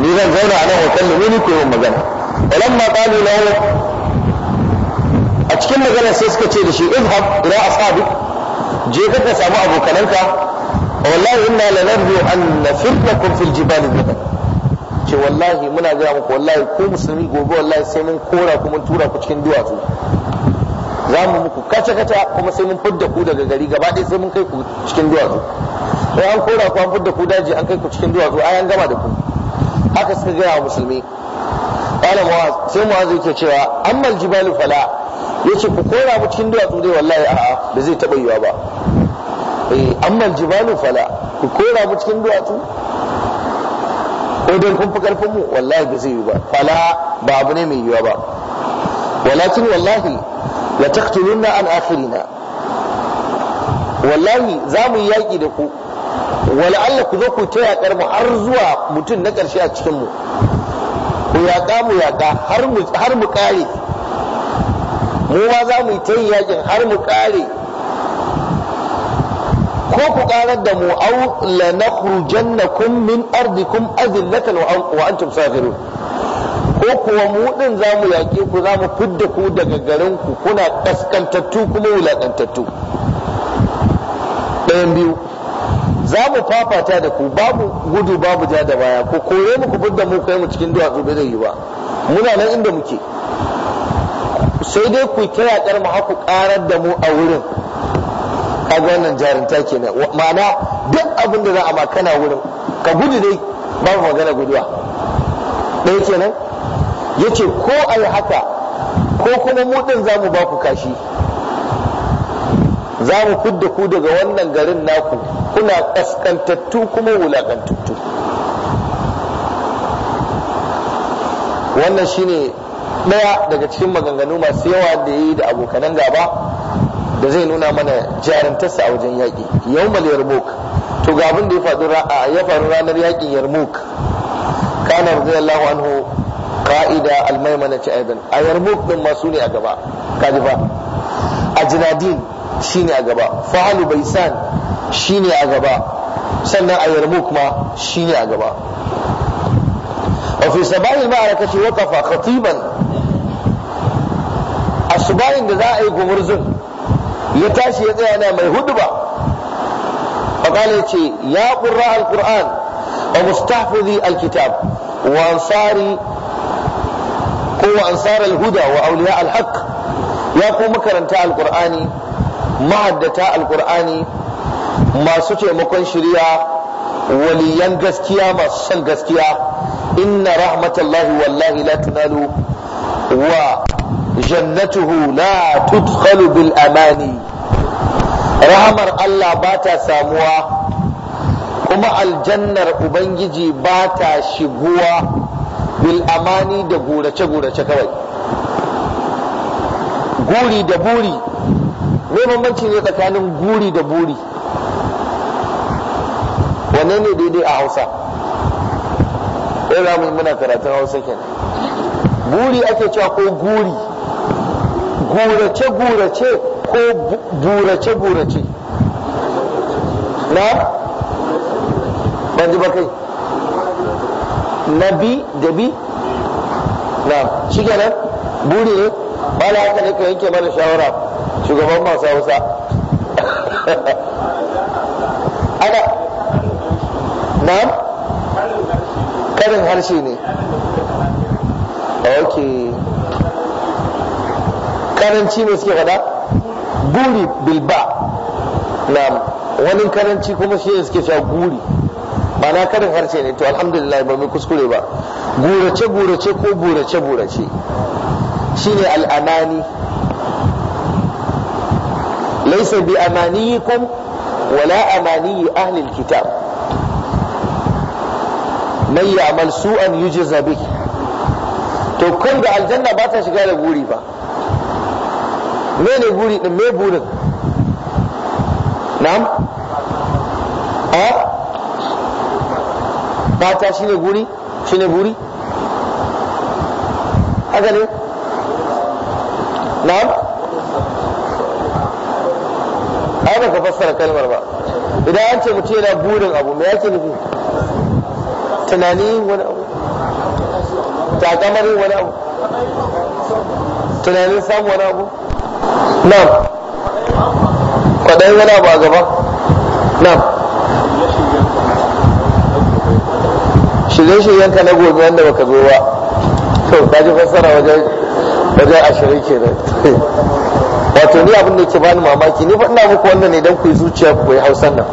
ni zan zauna a nan hotel ne ni ko yin magana walamma qalu lahu a cikin magana sai suka ce da shi izhab ila ashabi je ka ka samu abokananka wallahi inna lanarju an nafirnakum fil jibal bidan ce wallahi muna gaya muku wallahi ku musulmi gobe wallahi sai mun kora ku mun tura ku cikin duwatsu za mu muku kace kace kuma sai mun fudda ku daga gari gaba ɗaya sai mun kai ku cikin duwatsu sai an kora ku an fudda ku daji an kai ku cikin duwatsu ai an gama da ku Aka suka gaya wa musulmi qala mu'az sai mu'az yake cewa ammal jibalu fala yace ku kora mu cikin duwatsu dai wallahi a'a ba zai taba yiwa ba eh ammal jibalu fala ku kora mu cikin duwatsu ko dan kun fi karfin mu wallahi ba zai yi ba fala ba abu ne mai yiwa ba walakin wallahi la taqtuluna an akhirina wallahi za mu yi yaƙi da ku wala Allah ku zo ku ta yaƙar mu har zuwa mutum na ƙarshe a cikin mu ku yaƙa mu yaƙa har mu ƙare mu ma za mu yi ta yaƙin har mu ƙare ko ku ƙarar da mu au la kun min na azillatan wa tun safiru ko kuwa mu din za mu yaƙe ku za mu fidda ku daga garin ku kuna kaskantattu kuma wulaƙantattu ɗayan biyu za mu fafata da ku babu gudu babu ja da baya ku kore mu ku da mu kai mu cikin duwatsu bai zai yi ba muna nan inda muke sai dai ku kira kar mu haku karar da mu a wurin a wannan jarinta kenan ma'ana duk abin da za a makana wurin ka gudu dai babu magana guduwa ɗaya kenan yace ko ayi haka ko kuma mu din za mu ba ku kashi za mu fidda ku daga wannan garin naku kuna ƙasƙantattu kuma wulaƙantattu wannan shine ɗaya daga cikin maganganu masu yawa da ya yi da abokanan gaba da zai nuna mana jarantarsa a wajen yaƙi yawmal yarmouk to ga abin da ya faru ranar yaƙin yarmouk kana radiyallahu anhu qa'ida almaimana ce aidan a yarmouk din masu ne a gaba kajifa a jinadin shine a gaba fahalu baisan shine a gaba sannan a yarmuk ma shine a gaba وفي صباح المعركة وقف خطيبا asubahin da za a yi gumurzun ya tashi ya tsaya na mai hudu ba faƙala ya ce ya al alƙur'an a mustafizi alkitab wa ansari ko wa ansar alhuda wa auliya alhaq ya karanta makaranta alƙur'ani mahaddata alkur'ani masu taimakon shirya waliyan gaskiya masu shan gaskiya inna rahmatallahi wallahi la tunalu wa jannatuhu la tudkhalu bil amani rahamar Allah ba ta samuwa kuma aljannar ubangiji ba ta shiguwa bil amani da gurace-gurace kawai guri da buri me bambanci ne tsakanin guri da buri wanne ne daidai a hausa ɗaya za mu yi muna karatun hausa kenan buri ake cewa ko guri gurace gurace ko burace burace na ban ji na bi da bi na shi kenan buri ne ba da haka ne ka yanke mana shawara shugaban masu hausa ana na karin harshe ne ok karanci ne suke faɗa guri bilba na wani karanci kuma shi ne suke cewa guri ba na karin harshe ne to alhamdulillah ba mai kuskure ba gurace gurace ko burace burace shine al'anani laysa bi amaniyikum wala amaniyi ahli alkitab man ya'mal su'an yujza to kun da aljanna ba ta shiga da guri ba me ne guri din me burin na'am a bata shine guri shine guri? haka ne na'am ba ka fassara kalmar ba idan an ce mutum yana burin abu me yake nufi tunani wani abu takamari wani abu tunanin samu wani abu nan kwaɗayin wani abu a gaba nan shirye-shiryen ka na gobe wanda baka zo ba to ka ji fassara wajen ashirin kenan wato ni abin da yake bani mamaki ni faɗa muku wannan ne don ku yi zuciya ku yi hausan nan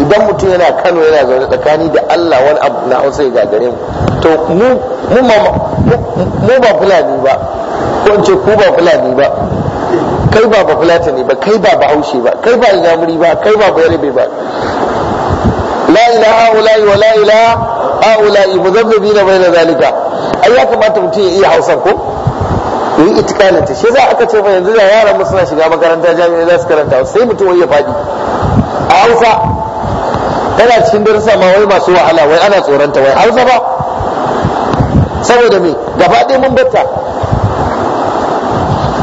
idan mutum yana kano yana zaune tsakani da allah wani abu na hausa ya gagare mu to mu ba fulani ba ko in ce ku ba fulani ba kai ba ba ne ba kai ba ba haushe ba kai ba inyamuri ba kai ba bayarbe ba la ilaha ulai wa la ilaha ulai muzabbibina bayna zalika ai ya kamata mutum ya iya hausa ko yi itikalinta shi za aka ce fa yanzu da yaran mu suna shiga makaranta jami'a za su karanta sai mutum ya faɗi a hausa tana cikin darussa ma wai masu wahala wai ana tsoronta wai hausa ba saboda me gaba ɗaya mun batta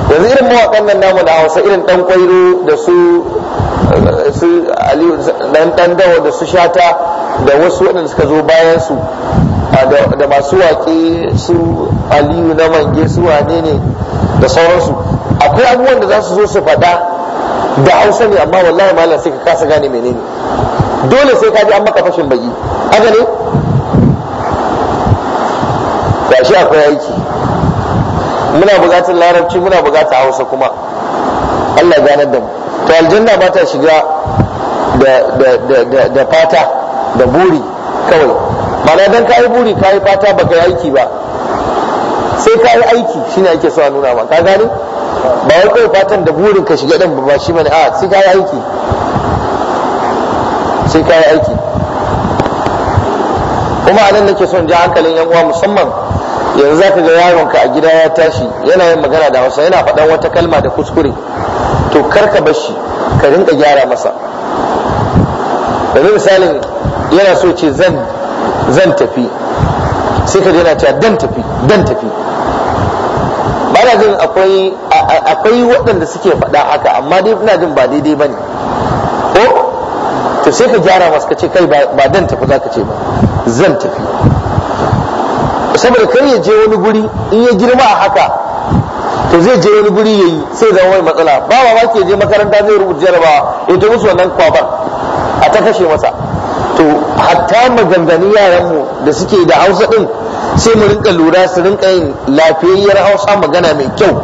yanzu irin mawaƙan nan namu na hausa irin ɗan kwairo da su su aliyu ɗan dawo da su shata da wasu waɗanda suka zo bayan su da masu waƙe su aliyu na mange su wane ne da sauransu akwai abubuwan da za su zo su faɗa da hausa ne amma wallahi malam sai ka kasa gane menene dole sai ka ji an maka fashin baki haka ne gashi akwai aiki muna buƙatar larabci muna buƙatar hausa kuma allah ganar da mu to aljanna ba ta shiga da fata da buri kawai mana dan kayi buri kayi fata ka yi aiki ba sai kayi aiki shine ake so a nuna ma ka gane ba wai kawai fatan da burin ka shiga dan ba shi bane a sai kayi aiki sai kayi aiki kuma anan nake son ja hankalin yan uwa musamman yanzu zaka ga yaron ka a gida ya tashi yana yin magana da Hausa yana faɗan wata kalma da kuskure to kar ka bar shi ka rinka gyara masa da misalin yana so ce zan zan tafi sai ka yana cewa dan tafi dan tafi ba na jin akwai akwai waɗanda suke faɗa haka amma dai ina jin ba daidai ba ne ko to sai ka gyara masu ka ce kai ba dan tafi za ka ce ba zan tafi saboda kai ya je wani guri in ya girma a haka to zai je wani guri ya yi sai zama wani matsala ba ba ke je makaranta zai rubuta jarabawa ya ta musu wannan kwabar a ta kashe masa to hatta maganganun yaranmu da suke da hausa din sai mu rinka lura su rinka yin lafiyayyar hausa magana mai kyau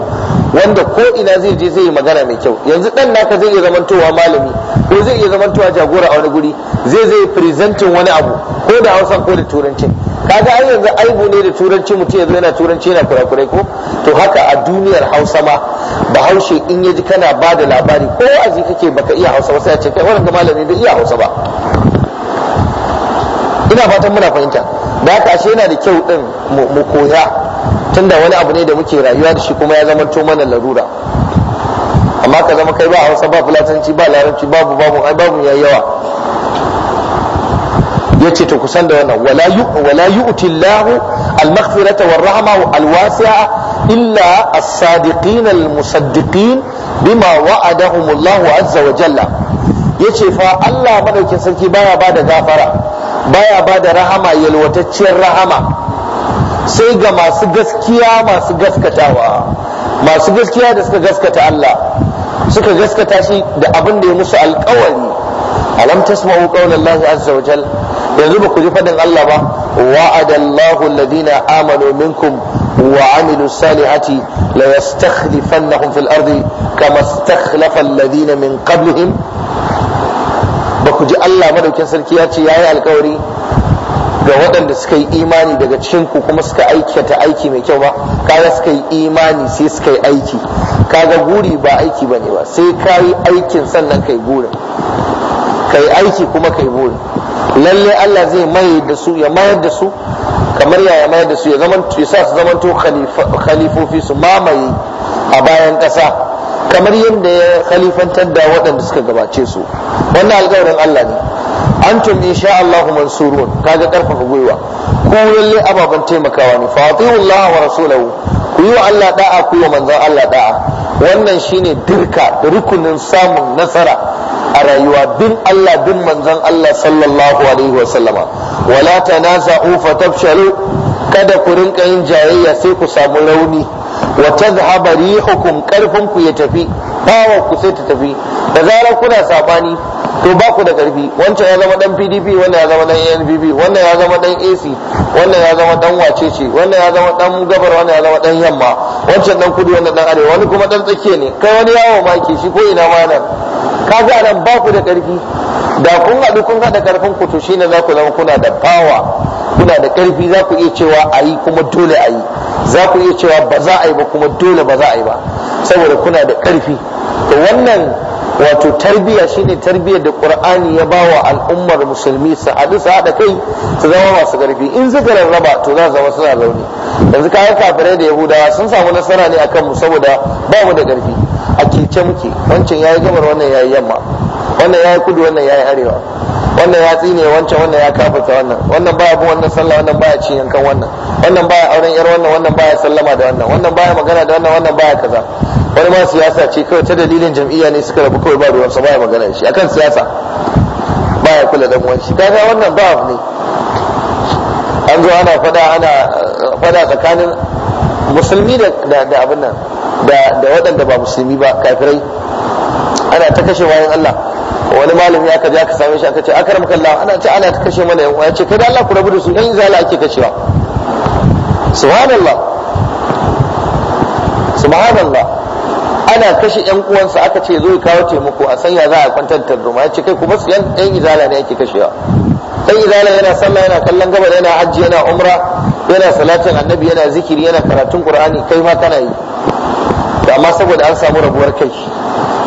wanda ko ina zai je zai yi magana mai kyau yanzu dan naka zai iya zamantowa malami ko zai iya zamantowa jagora a wani guri zai zai presenting wani abu ko da hausa ko da turanci kaga ai yanzu aibu ne da turanci mutum yanzu yana turanci yana kurakurai ko to haka a duniyar hausa ma bahaushe in yaji kana ba da labari ko a kake baka iya hausa ba sai ya ce kai wannan malami bai iya hausa ba ina fatan muna fahimta da haka ashe yana da kyau din mu koya tunda wani abu ne da muke rayuwa da shi kuma ya zama to mana larura amma ka zama kai ba hausa ba fulatanci ba larabci babu babu ai babu yayi yawa yace to kusan da wannan wala yu'ti Allah al-maghfirata rahma al-wasi'a illa as-sadiqin al-musaddiqin bima wa'adahum Allah azza wa jalla yace fa Allah madaukin sarki baya bada gafara baya ba da rahama yalwatacciyar rahama sai ga masu gaskiya masu gaskatawa masu gaskiya da suka gaskata Allah suka gaskata shi da abin da ya musu alkawari alam tasma'u qawlallahi azza wa jal yanzu ba ku ji fadin Allah ba wa'adallahu alladhina amanu minkum وعملوا الصالحات ليستخلفنهم في الأرض كما استخلف الذين min قبلهم ku ji Allah madaukin sarki ya ce yayi alkawari ga waɗanda suka yi imani daga cikin ku kuma suka aikata aiki mai kyau ba kaga suka yi imani sai suka yi aiki kaga guri ba aiki bane ba sai ka yi aikin sannan kai burin kai aiki kuma kai burin lalle Allah zai mai da su ya mayar da su kamar yaya mayar da su ya zama ya sa su zama to khalifofi su mamaye a bayan ƙasa kamar yadda ya khalifantar da waɗanda suka gabace su wannan alƙawarin Allah ne an antum sha Allah mansurun kaga karfafa gwiwa ko lalle ababan taimakawa ne fatihu Allah wa rasulahu ku yi wa Allah da'a ku yi wa manzon Allah da'a wannan shine dirka da rukunin samun nasara a rayuwa bin Allah bin manzon Allah sallallahu alaihi wa sallama wala tanaza'u fatabshalu kada ku rinka yin jayayya sai ku samu rauni wa zahabari rihukum karfin ku ya tafi bawa ku sai ta tafi da zarar kuna sabani to ba ku da karfi wancan ya zama dan PDP wanda ya zama dan ANPP wanda ya zama dan AC wanda ya zama dan wacece wanda ya zama dan gabar wanda ya zama dan yamma wancan dan kudu wanda dan arewa wani kuma dan tsakiya ne kai wani yawo maki shi ko ina ma nan kaga nan ba ku da karfi da kun haɗu kun haɗa karfin ku to shine za ku zama kuna da power kuna da ƙarfi za ku iya cewa a yi kuma dole a yi za ku iya cewa ba za a yi ba kuma dole ba za a yi ba saboda kuna da ƙarfi to wannan wato tarbiyya shine tarbiyyar da qur'ani ya ba wa al'ummar musulmi su haɗu su haɗa kai su zama masu ƙarfi in suka rarraba to za su zama suna launi yanzu kayan kafirai da yahudawa sun samu nasara ne akan mu saboda ba mu da ƙarfi a kece muke wancan yi gabar wannan ya yi yamma wannan ya yi kudu wannan ya yi arewa wannan ya tsine wancan wannan ya kafirta wannan wannan baya bin wannan sallah wannan baya ci yankan wannan wannan baya auren yar wannan wannan baya sallama da wannan wannan baya magana da wannan wannan baya kaza wani ma siyasa ce kawai ta dalilin jam'iyya ne suka rabu kawai ba ruwansa baya magana shi akan siyasa baya kula da mu shi kaga wannan ba ne an zo ana fada ana uh, fada tsakanin musulmi da abin nan da waɗanda ba musulmi ba kafirai ana ta kashe wayan Allah wani malami aka je aka same shi aka ce akaram kallah ana ce ana ta kashe mana yan uwa ce da Allah ku rabu da su yan izala ake kashewa subhanallah subhanallah ana kashe yan uwansa aka ce zo ya kawo taimako a sanya za a kwantar tarzoma ya ce kai kuma su yan yan izala ne ake kashewa dan izala yana sallah yana kallon gaba yana hajji yana umra yana salatin annabi yana zikiri yana karatun qur'ani kai ma kana yi amma saboda an samu rabuwar kai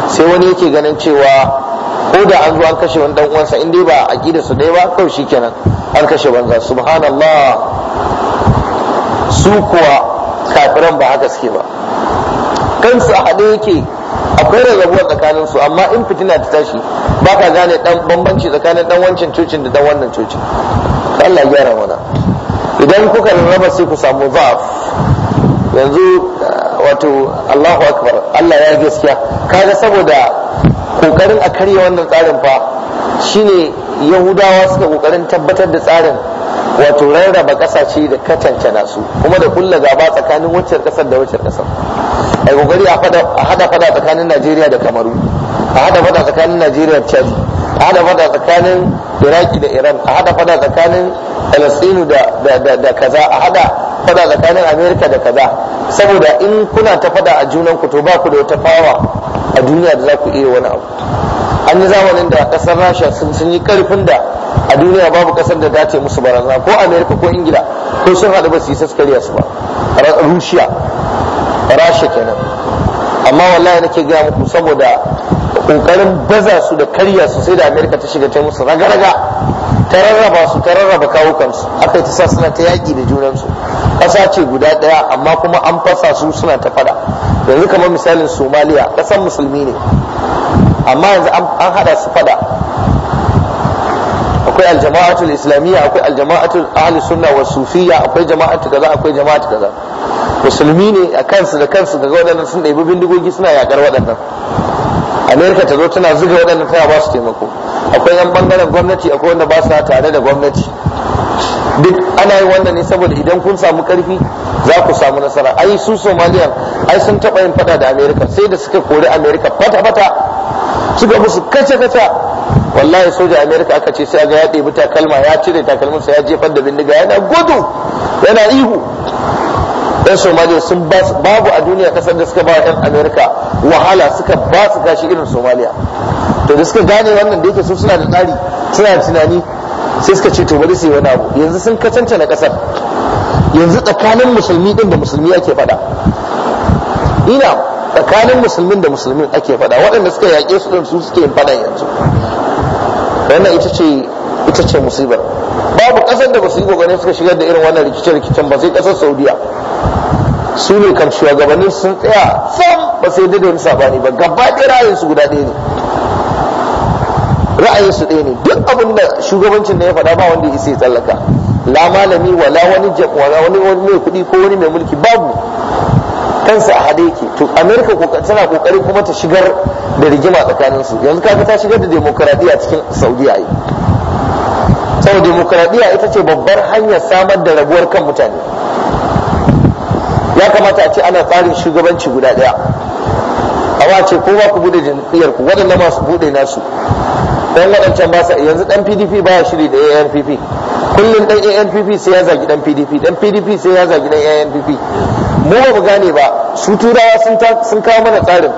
sai wani yake ganin cewa ko da an zo an kashe wani dan uwansa in dai ba gida su dai ba kawai kenan, an kashe banza subhanallah su kuwa kafiran ba haka suke ba kansu a haɗe yake akwai rarrabuwa tsakanin su amma in fitina ta tashi ba ka gane dan bambanci tsakanin dan wancan cocin da dan wannan cocin Allah gyara mana idan kuka rarraba sai ku samu zaf yanzu wato Allahu akbar Allah ya gaskiya kaga saboda kokarin a karya wannan tsarin fa shine yahudawa suka kokarin tabbatar da tsarin wato rarraba kasashe da katanta su kuma da kulla gaba tsakanin wacce kasar da wacce kasar ai kokari a hada fada tsakanin Najeriya da Kamaru a hada fada tsakanin Najeriya da Chad a hada fada tsakanin Iraki da Iran a hada fada tsakanin alasinu da da kaza a hada fada tsakanin amerika da kaza saboda in kuna ta fada a junan ku to ba ku da wata fawa a duniya da za ku iya wani abu an yi zamanin da kasar rasha sun yi karfin da a duniya babu kasar da dace musu barazana ko amerika ko ingila ko sun haɗu ba su yi saskariya su ba rushiya rasha kenan amma wallahi nake gaya muku saboda kokarin baza su da karya su sai da amerika ta shiga ta musu raga-raga ta rarraba su ta rarraba kawukansu aka yi ta sa suna ta yaƙi da junansu kasa ce guda ɗaya amma kuma an fasa su suna ta fada yanzu kamar misalin somaliya ƙasar musulmi ne amma yanzu an hada su fada akwai aljama'atul islamiyya akwai aljama'atul ahli sunna wa sufiyya akwai jama'atu kaza akwai jama'atu kaza musulmi ne a kansu da kansu daga waɗannan sun ɗebi bindigogi suna yakar waɗannan amerika ta zo tana zuga waɗannan tana ba su taimako akwai yan bangaren gwamnati akwai wanda ba su tare da gwamnati duk ana yi wannan ne saboda idan kun samu karfi za ku samu nasara ai su somaliya ai sun taɓa yin fada da amerika sai da suka kori amerika fata-fata suka musu kace-kace wallahi soja amerika aka ce sai ga ya ɗebi takalma ya cire takalmarsa, ya jefar da bindiga yana gudu yana ihu yan somaliya sun babu a duniya kasar da suka ba yan amerika wahala suka ba su gashi irin somaliya to da suka gane wannan da yake su suna da tsari suna da tunani sai suka ce to bari su yi wani abu yanzu sun kacanta na kasar yanzu tsakanin musulmi din da musulmi ake faɗa ina tsakanin musulmin da musulmin ake faɗa waɗanda suka yaƙe su din su suke yin faɗa yanzu wannan ita ce ita ce musibar babu ƙasar da ba su yi goganin suka shigar da irin wannan rikice-rikicen ba sai ƙasar saudiya su ne kamshiwa, shugabannin sun tsaya sam ba sai da yin sabani ba gaba ɗaya su guda ɗaya ne ra'ayin su ɗaya ne duk abin da shugabancin da ya faɗa ba wanda ya isa ya tsallaka la malami wala wani wa wani wani mai kuɗi ko wani mai mulki babu kansa a hade yake to america tana kokari kuma ta shigar da rigima tsakanin su yanzu kaga ta shigar da demokradiya cikin saudiya yi sau demokradiya ita ce babbar hanyar samar da rabuwar kan mutane ya kamata a ce ana tsarin shugabanci guda ɗaya a ce ko ba ku bude jam'iyyar ku waɗanda masu bude nasu dan waɗancan ba sa yanzu dan PDP ba shiri da ANPP kullum dan ANPP sai ya zagi dan PDP dan PDP sai ya zagi dan ANPP mu ba mu gane ba su turawa sun kawo mana tsarin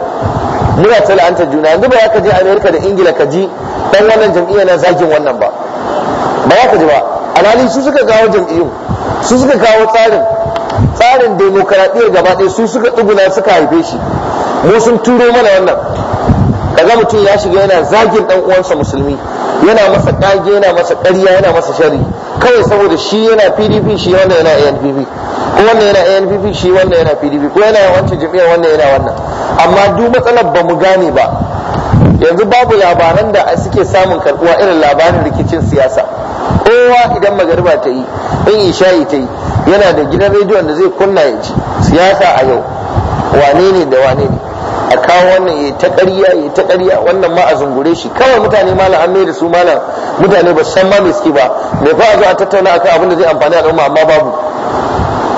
muna ta la'anta juna yanzu ba ka je Amerika da Ingila ka ji dan wannan jam'iyya na zagin wannan ba ba za ka ji ba alhali su suka kawo jam'iyyun su suka kawo tsarin tsarin demokaradiyyar gaba ɗaya su suka tsuguna suka haife shi mu sun turo mana wannan kaga mutum ya shiga yana zagin dan uwansa musulmi yana masa kage yana masa ƙarya yana masa shari kawai saboda shi yana PDP shi wannan yana ANPP ko wannan yana ANPP shi wannan yana PDP ko yana wancan jami'a wannan yana wannan amma duk matsalar ba mu gane ba yanzu babu labaran da suke samun karbuwa irin labarin rikicin siyasa kowa idan magariba ta yi in isha'i ta yi yana da gidan rediyon da zai kunna ya ci siyasa a yau wane ne da wane ne a kawo wannan ya ta ƙarya ya ta ƙarya wannan ma a zungure shi kawai mutane malam an mai da su malam mutane ba san ma suke ba me fa a zo a tattauna akan abin da zai amfani al'umma amma babu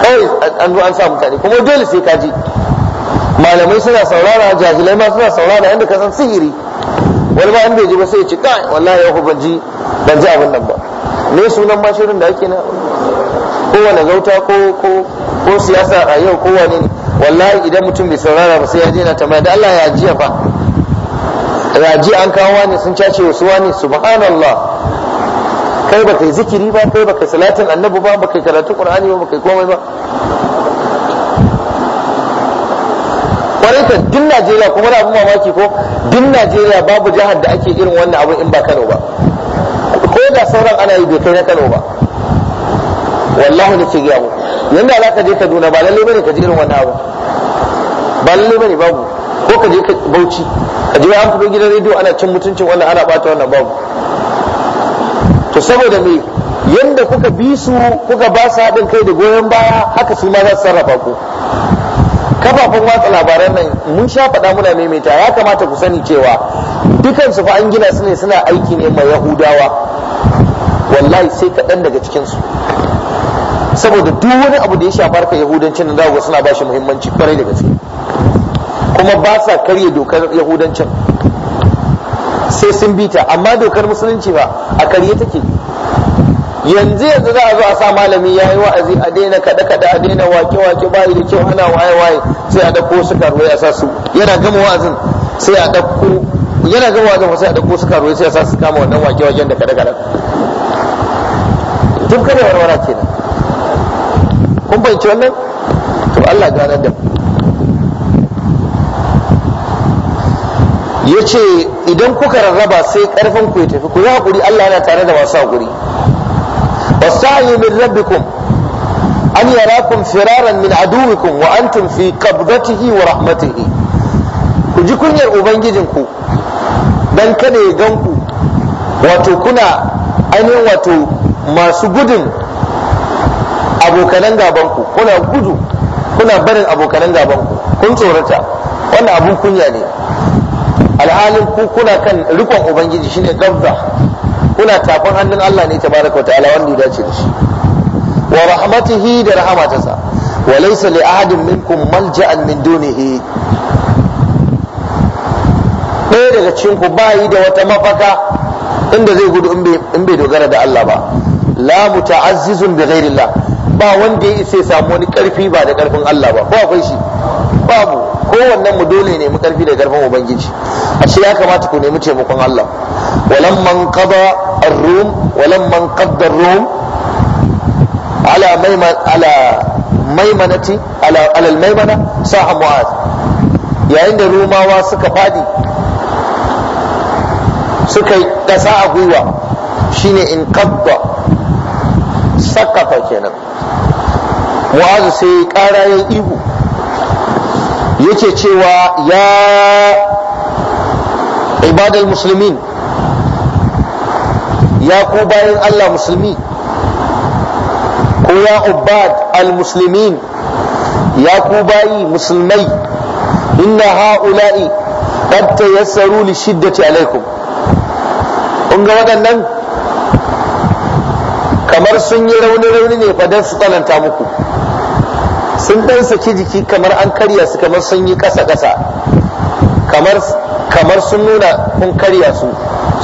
kawai an zo an sa mutane kuma dole sai ka ji malamai suna saurara jahilai ma suna saurara yadda ka san sihiri wani ba an bai ji ba sai ya ci kai wallahi ya ban ji ban ji abin nan ba me sunan ma shirin da ake na kowane gauta ko ko ko siyasa a yau kowane ne wallahi idan mutum bai saurara ba sai ya daina tambaya da Allah ya jiya fa ji an kawo wani sun cace wasu wani subhanallah kai ba kai zikiri ba kai ba kai salatin annabi ba ba kai karatu qur'ani ba ba kai komai ba kwarai ka din najeriya kuma da abin mamaki ko din najeriya babu jihar da ake irin wannan abin in ba kano ba ko da sauran ana yi bai kai na kano ba wallahi da ce gaya mu yanda za ka je Kaduna ba lalle bane ka je irin wannan abu ba lalle bane babu ko ka je Bauchi ka je an fito gidan rediyo ana cin mutuncin wannan ana bata wannan babu to saboda me yanda kuka bi su kuka ba su haɗin kai da goyon baya haka su ma za su sarrafa ku kafafen watsa labaran nan mun sha faɗa muna maimaita ya kamata ku sani cewa dukansu fa an gina su ne suna aiki ne ma yahudawa wallahi sai kaɗan daga cikinsu saboda duk wani abu da ya shafar ka yahudancin nan za suna ba shi muhimmanci kwarai da gaske kuma ba sa karya dokar yahudancin sai sun bi ta amma dokar musulunci ba a karye take yanzu yanzu za a zo a sa malami ya yi wa'azi a daina kada kada a daina wake wake bayi da kyau ana waye waye sai a dauko su karo ya sa su yana gama wa'azin sai a dauko yana gama wa'azin sai a dauko su karo sai a sa su kama wannan wake waken da kada kada duk kada warwara kenan kun fahimci wannan to Allah ganar da ya ce idan kuka rarraba sai karfin ku ya tafi ku yi hakuri Allah yana tare da masu hakuri wasa'i min rabbikum an yarakum firaran min aduwikum wa antum fi qabdatihi wa rahmatihi ku ji kunyar ubangijinku dan kada ya ganku wato kuna ainihin wato masu gudun abokanan gabanku kuna gudu kuna barin abokanan gabanku kun tsorata wannan abun kunya ne alhalin ku kuna kan rikon ubangiji shine gabda kuna tafin hannun Allah ne tabaraka ta'ala wanda ya dace da shi wa rahmatihi da rahmatarsa wa laysa li ahadin minkum malja'an min dunihi ɗaya daga cikin ku bayi da wata mafaka inda zai gudu in bai dogara da Allah ba la muta'azzizun bi ghairillah ba wanda ya isa samu wani karfi ba da karfin Allah ba ba akwai shi babu kowannen mu dole ne mu karfi da karfin ubangiji ashe ya kamata ku nemi taimakon Allah walam man qada ar-rum walam man qadda ar-rum ala maiman ala maimanati ala ala al-maimana saha mu'az yayin da rumawa suka fadi suka kasa a gwiwa shine in qadda sakkafa kenan mu'azu sai ƙara ya ihu yake cewa ya ibadar musulmin ya ku bayan Allah musulmi ko ya ubbad al musulmin, ya ku bayi musulmai inna ha'ula'i qad tayassaru li shiddati alaikum kun ga waɗannan kamar sun yi rauni-rauni ne fadan su tsananta muku sun dan saki jiki kamar an karya su kamar sun yi ƙasa-ƙasa kamar sun nuna kun karya su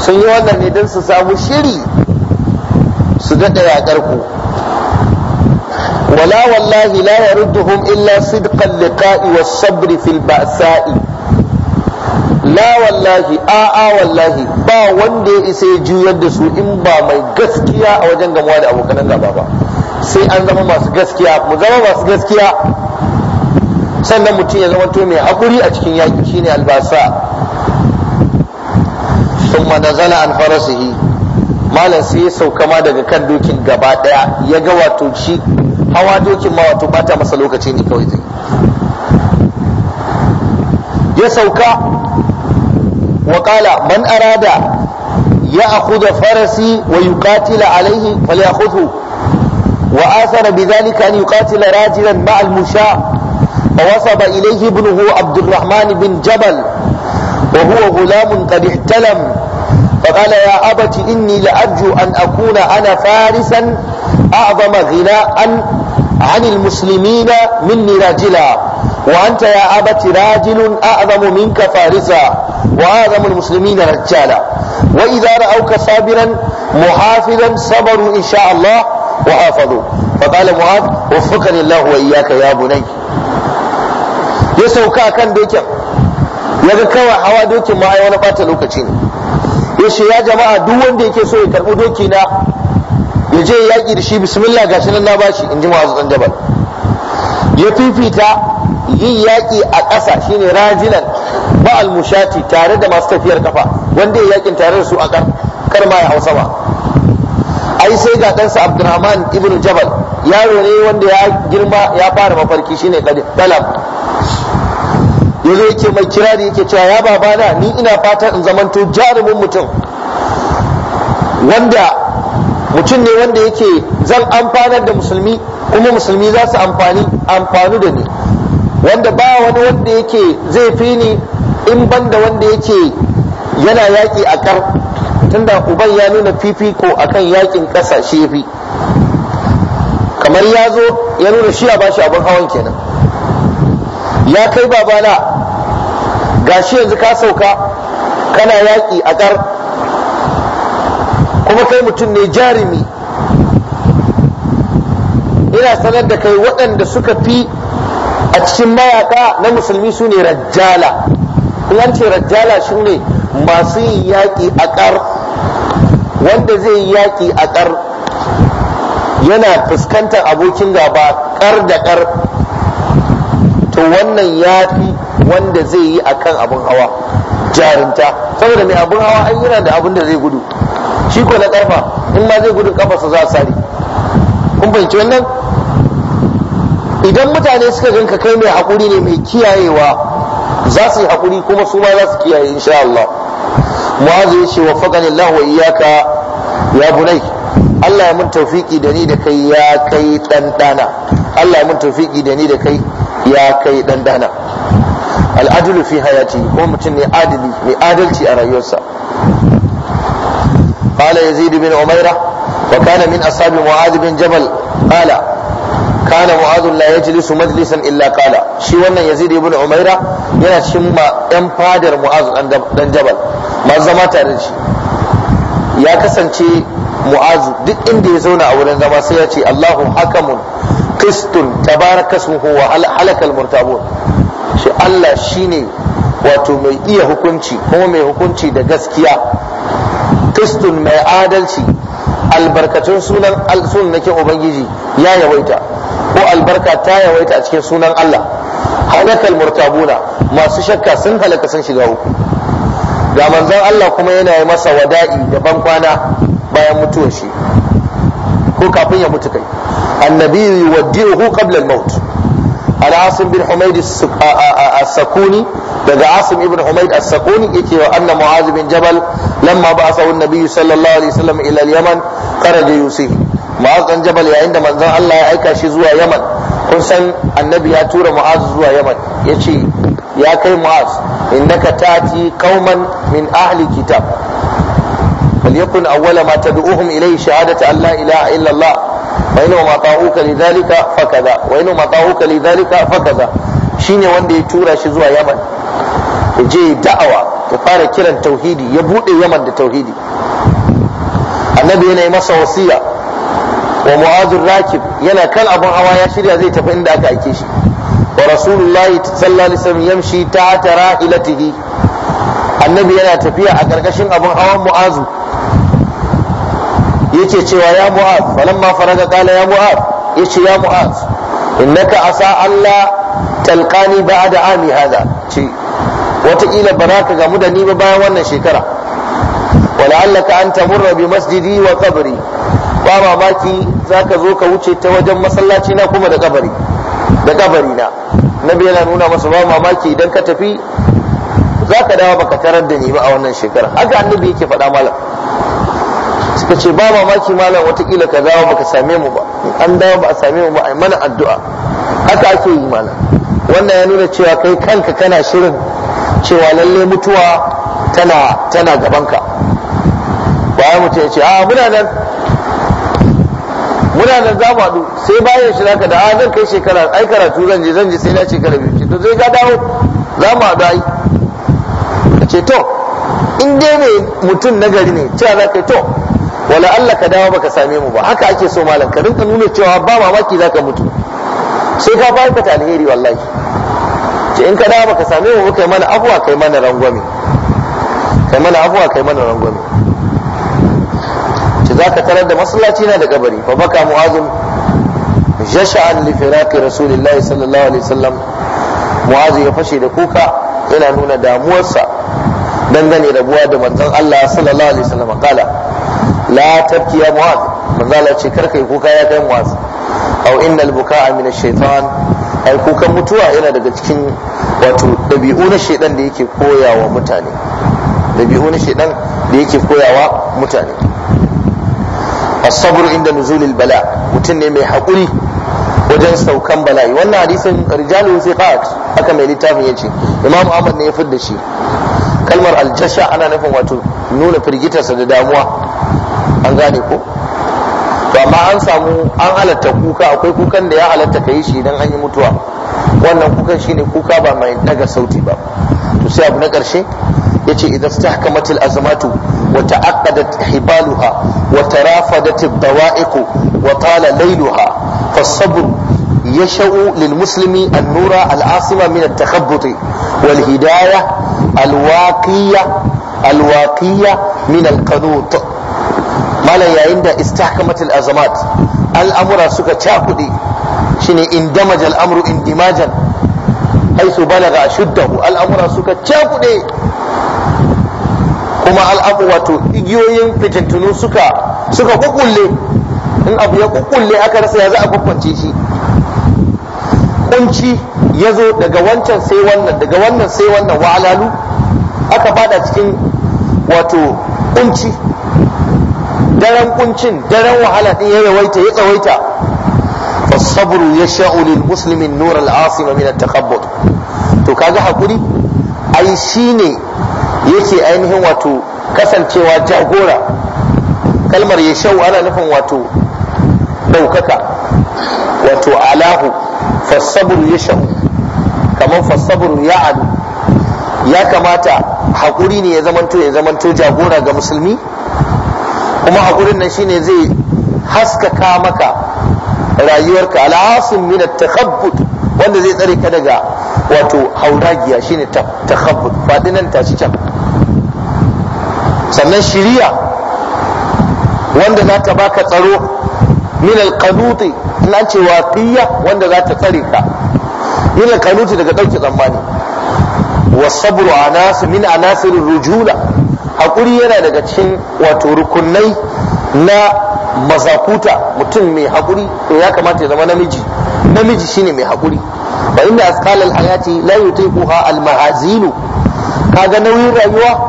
sun yi wannan ne don su samu shiri su daɗa yaƙar ku wala wallahi la yarudduhum illa sidqan liqa'i was sabri fil ba'sa'i la wallahi a a wallahi ba wanda ya isa ya juyar da su in ba mai gaskiya a wajen gamuwa da abokan gaba ba sai an zama masu gaskiya mu zama masu gaskiya sannan mutum ya zama to mai haƙuri a cikin yaƙi shine albasa thumma nazala an fara su yi. malam sai ya sauka ma daga kan dokin gaba daya ya ga wato shi hawa dokin ma wato bata masa lokaci ne kawai zai ya sauka وقال من أراد يأخذ فرسي ويقاتل عليه فليأخذه وآثر بذلك أن يقاتل راجلا مع المشاة فوصب إليه ابنه عبد الرحمن بن جبل وهو غلام قد احتلم فقال يا أبت إني لأرجو أن أكون أنا فارسا أعظم غناء عن المسلمين مني راجلا وأنت يا أبت راجل أعظم منك فارسا وأعظم المسلمين رجالا وإذا رأوك صابرا محافظا صبروا إن شاء الله وحافظوا فقال معاذ وفقني الله وإياك يا بني يسوكا كان دوكا yaga kawai hawa dokin ma ai wani bata lokaci ne yace ya jama'a duk wanda yake so ya karbi doki na ya je ya yaki da shi bismillah gashi nan na bashi in ji ma'azu dan jabal ya fifita yin yaki a ƙasa shine rajilan ma'al mushati tare da masu tafiyar kafa wanda ya yakin tare da su a kar ya hausa ba ai sai ga ɗansa abdurrahman ibnu jabal yaro ne wanda ya girma ya fara mafarki shine talab yanzu yake mai kirari yake cewa ya babana ni ina fata in zamanto jarumin mutum wanda mutum ne wanda yake zan amfanar da musulmi kuma musulmi za su amfani amfanu da ni wanda ba wani wanda yake zai fi ni in banda wanda yake yana yaƙi a kar tunda uban ya nuna fifiko a akan yakin ƙasashe fi kamar ya zo ya nuna shi a bashi abin hawan kenan ya kai babana ga shi yanzu ka sauka kana yaƙi a kar kuma kai mutum ne jarumi ina sanar da kai waɗanda suka fi a cikin mayaka na musulmi su ne rajjala kulance ce rajala shine masu yin yaƙi a ƙar wanda zai yi yaƙi a ƙar yana fuskantar abokin gaba ƙar da ƙar to wannan ya fi wanda zai yi a kan abin hawa jarinta saboda mai abin hawa an yana da abin da zai gudu shi ko na ƙarfa in ma zai gudu ƙafarsa za a sare kun fahimci wannan idan mutane suka ganka kai mai haƙuri ne mai kiyayewa za su yi haƙuri kuma su ma za su kiyaye insha Allah mu'azu ya ce wa faqani Allah wa iyyaka ya bunai Allah ya mun tawfiki da ni da kai ya kai dan dana Allah ya mun tawfiki da ni da kai ya kai dan dana al'adulu fi hayati ko mutum ne adili mai adalci a rayuwarsa قال يزيد بن عميرة وكان من أصحاب معاذ بن جبل قال كان معاذ la يجلس majlisan illa qala shi wannan يزيد ibn umaira yana cikin yan fadar mu'adh dan jabal ma zama tare shi ya kasance mu'azu duk inda ya zauna a wurin zama sai ya ce Allahu hakamun qistun tabaraka ismuhu wa halakal shi Allah shine wato mai iya hukunci kuma mai hukunci da gaskiya qistun mai adalci albarkatun sunan alsun nake ubangiji ya yawaita albarka ta yawaita a cikin sunan Allah halakal murtabuna masu shakka sun halaka sun shiga uku ga manzon Allah kuma yana yi masa wada'i da ban kwana bayan mutuwar shi ko kafin ya mutu kai annabi yuwaddi'uhu qabla al-maut an asim daga asim ibn humaid as-sakuni yake wa anna mu'az bin jabal lamma ba'athahu an-nabi sallallahu alaihi wasallam ila al-yaman kharaja yusuf mu'az dan jabal yayin da manzon Allah ya aika shi zuwa yaman kun san annabi ya tura mu'az zuwa yaman yace ya kai mu'az innaka tati qauman min ahli kitab فليكن أول ما تدعوهم إليه شهادة أن لا إله إلا الله وإنه مطاعوك لذلك فكذا وإنه مطاعوك لذلك فكذا shine wanda ya tura shi zuwa yaman ya je da'awa ya fara kiran tauhidi ya bude yaman da tauhidi annabi yana masa wasiya wa mu'azur rakib yana kan abun hawa ya shirya zai tafi inda aka ake shi wa rasulullahi sallallahu alaihi wasallam yamshi ta ra'ilatihi annabi yana tafiya a karkashin abun hawan mu'azu yace cewa ya mu'az falamma faraga qala ya mu'az yace ya mu'az innaka asa Allah talqani ba'da ami hada ce wataƙila ba za ga gamu da ni ba bayan wannan shekara wala'allaka an tamurra bi masjidi wa kabari ba mamaki za ka zo ka wuce ta wajen masallaci na kuma da kabari da kabari na nabi yana nuna masa ba mamaki idan ka tafi za ka dawo baka tarar da ni ba a wannan shekara haka annabi yake faɗa malam suka ce ba mamaki malam watakila ka dawo baka same mu ba an dawo ba a same mu ba a mana addu'a haka ake yi malam wannan ya nuna cewa kai kanka kana shirin cewa lalle mutuwa tana tana gabanka bayan mutum ya ce a muna nan muna nan za mu haɗu sai bayan shi zaka da a zan kai shekara ai karatu zan je zan je sai na shekara biyu ce to zai ga dawo za mu haɗu ai ka ce to in dai ne mutum nagari ne cewa za ka yi to wala Allah ka dawo baka same mu ba haka ake so malam ka rinka nuna cewa ba mamaki zaka mutu sai ka fahimta ta alheri wallahi ce in ka dawo baka same mu kai mana abuwa kai mana rangwame kai mana abuwa kai mana rangwame ce zaka tarar da masallaci na da kabari fa baka mu'azum jasha'an li firaqi rasulillahi sallallahu alaihi wasallam mu'azu ya fashe da kuka yana nuna damuwarsa dangane rabuwa da manzon Allah sallallahu alaihi wasallam kala la tabki ya mu'az manzo Allah ce karka yi kuka ya kai mu'az aw innal buka'a min ash-shaytan ai kukan mutuwa yana daga cikin wato dabi'u na shedan da yake koyawa mutane dabi'u na shedan da yake koyawa mutane as-sabr inda nuzulil bala mutum ne mai hakuri wajen saukan bala'i wannan hadisin rijalun thiqat haka mai littafin yace imam ahmad ne ya fidda shi kalmar aljasha ana nufin wato nuna firgitarsa da damuwa an gane ko to amma an samu an halatta kuka akwai kukan da ya halatta ka yi shi idan an yi mutuwa wannan kukan shine kuka ba mai daga sauti ba to sai abu na karshe yace idan stahkamat al-azmatu wa ta'aqqadat hibaluha wa tarafadat ad-dawa'iq wa tala layluha فالصبر يشأ للمسلم النور العاصمة من التخبط والهداية الواقية الواقية من القنوط malam yayin da istahkamatul azamat al'amura suka cakuɗe shine indamaj al'amru indimajan haisu balaga ashuddahu al'amura suka cakuɗe kuma al'amu wato igiyoyin fitintunu suka suka kukulle in abu ya kukulle aka rasa ya za a kwakwance shi kunci ya zo daga wancan sai wannan daga wannan sai wannan wa'alalu aka bada cikin wato kunci daren kuncin daren wahala din ya yawaita ya tsawaita fasabru ya sha'ulil muslimin nur al'asima min at to kaga hakuri ai shine yake ainihin wato kasancewa jagora kalmar ya shau ana nufin wato daukaka wato alahu fasabru ya sha'u kamar fasabru ya alu ya kamata hakuri ne ya zamanto ya zamanto jagora ga musulmi kuma haƙurin nan shine zai haskaka maka rayuwarka al'asim min at-takhabbut wanda zai tsare ka daga wato hauragiya shine takhabbut faɗi nan tashi can sannan shiriya wanda za ta baka tsaro min al-qanuti ina ce waqiya wanda za ta tsare ka min al-qanuti daga ɗauke tsammani والصبر عناصر من عناصر الرجولة hakuri yana daga cikin wato rukunai na mazakuta mutum mai hakuri to ya kamata ya zama namiji namiji shine mai hakuri ba inda asqal al hayati la yutiquha al mahazinu kaga nauyin rayuwa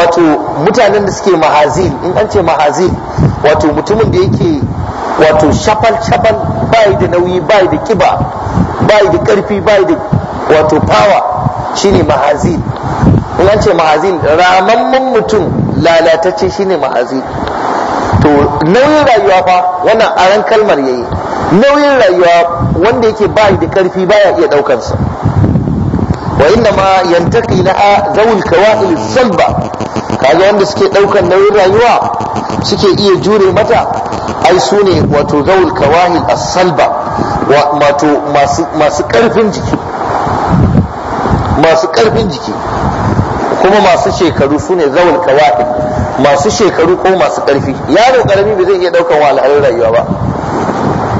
wato mutanen da suke mahazil in an ce mahazil wato mutumin da yake wato shafal shafal bai da nauyi bai da kiba bai da karfi bai da wato power shine mahazil in an ce mahazin ramamman mutum lalatacce shine mahazi to nauyin rayuwa fa wannan aran kalmar yayi nauyin rayuwa wanda yake ba da karfi baya iya daukansa wa inna ma yantaqi na zawul kawail salba kaga wanda suke daukan nauyin rayuwa suke iya jure mata ai su ne wato zawul kawahil as-salba wato masu karfin jiki masu karfin jiki kuma masu shekaru su ne zawul kawai masu shekaru ko masu ƙarfi yaro ƙarami ba zai iya ɗaukar wahalhalun rayuwa ba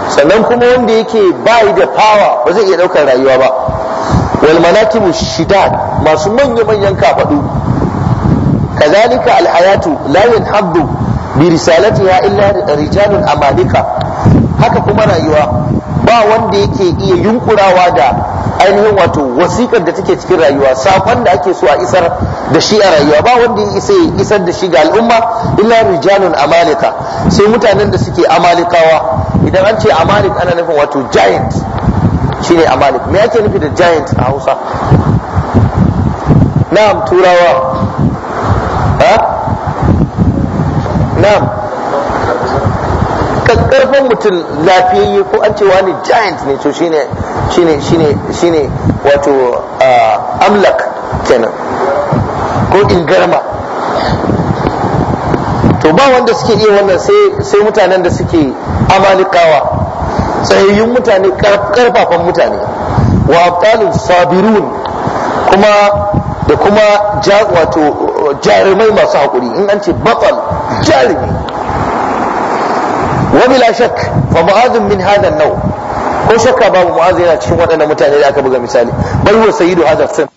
sannan kuma wanda yake bayi da fawa ba zai iya ɗaukar rayuwa ba walmanakimu shidan masu manya manyan kafaɗu kazalika al layin Habdu, yanhaddu bi ya illa rijalun amalika haka kuma rayuwa ba wanda yake iya yunkurawa da ainihin wato wasikar da take cikin rayuwa sakon da ake so a isar da shi a rayuwa ba wanda ya isa isar da shi ga al'umma illa rijalun amalika sai mutanen da suke amalikawa idan an ce amalik ana nufin wato giant shine amalik me ake nufi da giant a Hausa na'am turawa ha na'am kakkarfan mutum lafiyayye ko an cewa ne giant ne to shine shine shine shine wato amlak kenan ko ingarma to ba wanda suke iya wannan sai mutanen da suke amalikawa tsayayyun mutane karfafan mutane wa abtalin sabirun kuma da kuma wato jarumai masu haƙuri in an ce batal jarumi wa bila shak fa ba'adun min hadan nau' ko shakka babu mu'azu yana cikin waɗannan mutane da aka buga misali bai wa sayyidu hadha